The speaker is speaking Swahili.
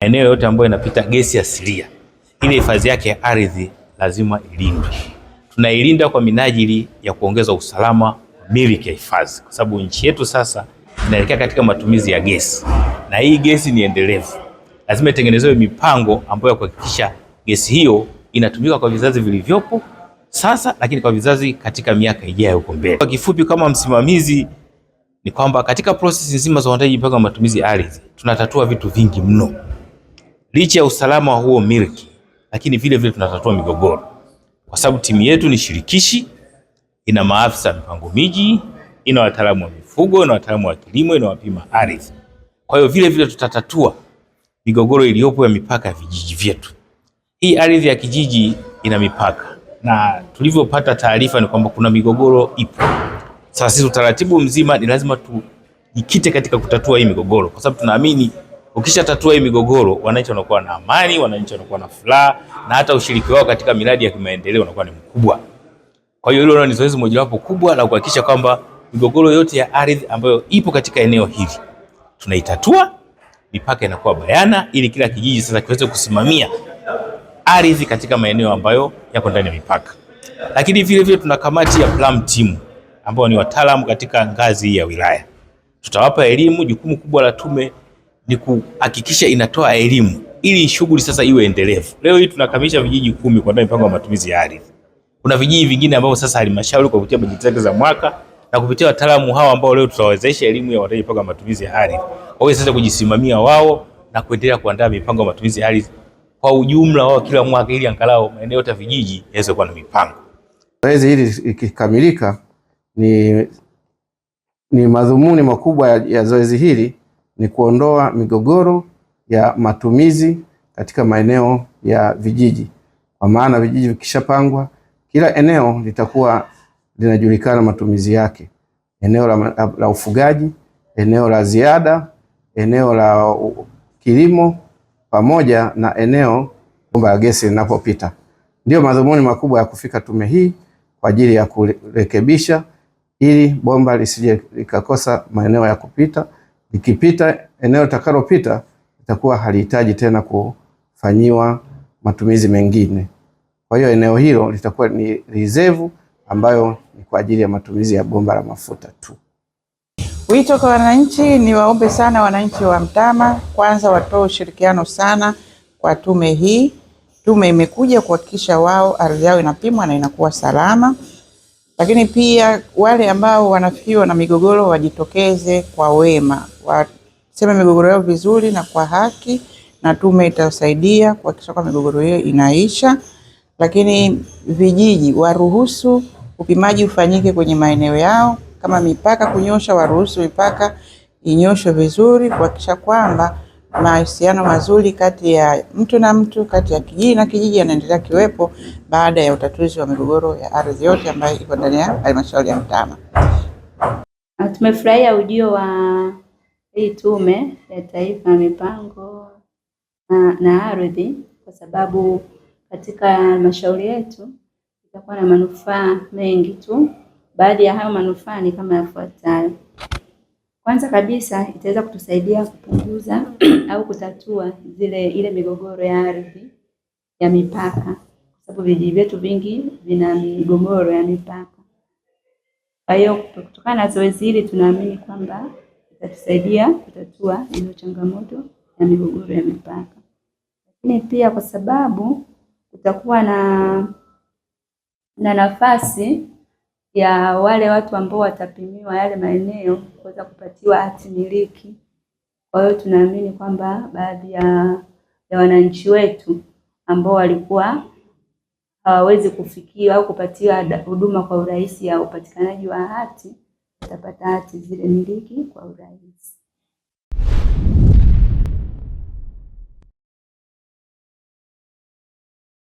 Eneo yote ambayo inapita gesi asilia, ile hifadhi yake ya ardhi lazima ilindwe. Tunailinda kwa minajili ya kuongeza usalama wa miliki ya hifadhi, kwa sababu nchi yetu sasa inaelekea katika matumizi ya gesi, na hii gesi ni endelevu. Lazima itengenezewe mipango ambayo ya kuhakikisha gesi hiyo inatumika kwa vizazi vilivyopo sasa, lakini kwa vizazi katika miaka ijayo huko mbele. Kwa kifupi, kama msimamizi ni kwamba katika prosesi nzima za uandaji mpango wa matumizi ya ardhi tunatatua vitu vingi mno licha ya usalama wa huo milki, lakini vile vile tunatatua migogoro, kwa sababu timu yetu ni shirikishi, ina maafisa mipango miji, ina wataalamu wa mifugo, ina wataalamu wa kilimo, ina wapima ardhi. Kwa hiyo vile vile tutatatua migogoro iliyopo ya mipaka ya vijiji vyetu. Hii ardhi ya kijiji ina mipaka, na tulivyopata taarifa ni kwamba kuna migogoro ipo. Sasa sisi utaratibu mzima ni lazima tujikite katika kutatua hii migogoro, kwa sababu tunaamini Ukisha tatua hii migogoro, wananchi wanakuwa na amani, wananchi wanakuwa na furaha, na hata ushiriki wao katika miradi ya kimaendeleo unakuwa ni mkubwa. Kwa hiyo hilo ni zoezi mojawapo kubwa la kuhakikisha kwamba migogoro yote ya ardhi ambayo ipo katika eneo hili tunaitatua, mipaka inakuwa bayana, ili kila kijiji sasa kiweze kusimamia ardhi katika maeneo ambayo yako ndani ya mipaka. Lakini vile vile tuna kamati ya Plum Team ambao ni wataalamu katika ngazi ya wilaya, tutawapa elimu. Jukumu kubwa la tume ni kuhakikisha inatoa elimu ili shughuli sasa iwe endelevu. Leo hii tunakamilisha vijiji kumi kwa mpango wa matumizi ya ardhi. Kuna vijiji vingine ambavyo sasa halmashauri kwa kupitia bajeti zake za mwaka na kupitia wataalamu hawa ambao leo tutawawezesha elimu ya wataji mipango ya matumizi ya ardhi wawe sasa kujisimamia wao na kuendelea kuandaa mipango ya matumizi ya ardhi kwa ujumla wao kila mwaka, ili angalau maeneo ya vijiji yaweze kuwa na mipango. Zoezi hili ikikamilika, ni, ni madhumuni makubwa ya, ya zoezi hili ni kuondoa migogoro ya matumizi katika maeneo ya vijiji, kwa maana vijiji vikishapangwa, kila eneo litakuwa linajulikana matumizi yake, eneo la, la, la ufugaji, eneo la ziada, eneo la kilimo pamoja na eneo bomba la gesi linapopita. Ndiyo madhumuni makubwa ya kufika tume hii kwa ajili ya kurekebisha, ili bomba lisije likakosa maeneo ya kupita likipita eneo litakalopita itakuwa halihitaji tena kufanyiwa matumizi mengine. Kwa hiyo eneo hilo litakuwa ni reserve ambayo ni kwa ajili ya matumizi ya bomba la mafuta tu. Wito kwa wananchi, ni waombe sana wananchi wa Mtama kwanza watoe ushirikiano sana kwa tume hii. Tume imekuja kuhakikisha wao ardhi yao inapimwa na inakuwa salama. Lakini pia wale ambao wanafikiwa na migogoro wajitokeze kwa wema, waseme migogoro yao vizuri na kwa haki, na tume itasaidia kuhakikisha kwamba migogoro hiyo inaisha. Lakini vijiji waruhusu upimaji ufanyike kwenye maeneo yao. Kama mipaka kunyosha, waruhusu mipaka inyoshwe vizuri kuhakikisha kwamba mahusiano mazuri kati ya mtu na mtu, kati ya kijiji na kijiji yanaendelea kiwepo baada ya utatuzi wa migogoro ya ardhi yote ambayo iko ndani ya halmashauri ya Mtama. Tumefurahia ujio wa hii Tume ya Taifa ya Mipango na, na Ardhi kwa sababu katika halmashauri yetu itakuwa na manufaa mengi tu. Baadhi ya hayo manufaa ni kama yafuatayo. Kwanza kabisa itaweza kutusaidia kupunguza au kutatua zile ile migogoro ya ardhi ya mipaka, kwa sababu vijiji vyetu vingi vina migogoro ya mipaka. Kwa hiyo kutokana na zoezi hili tunaamini kwamba itatusaidia kutatua hiyo changamoto ya migogoro ya mipaka, lakini pia kwa sababu kutakuwa na na nafasi ya wale watu ambao watapimiwa yale maeneo kuweza kupatiwa hati miliki. Kwa hiyo tunaamini kwamba baadhi ya, ya wananchi wetu ambao walikuwa hawawezi kufikiwa au kupatiwa huduma kwa urahisi ya upatikanaji wa hati watapata hati zile miliki kwa urahisi.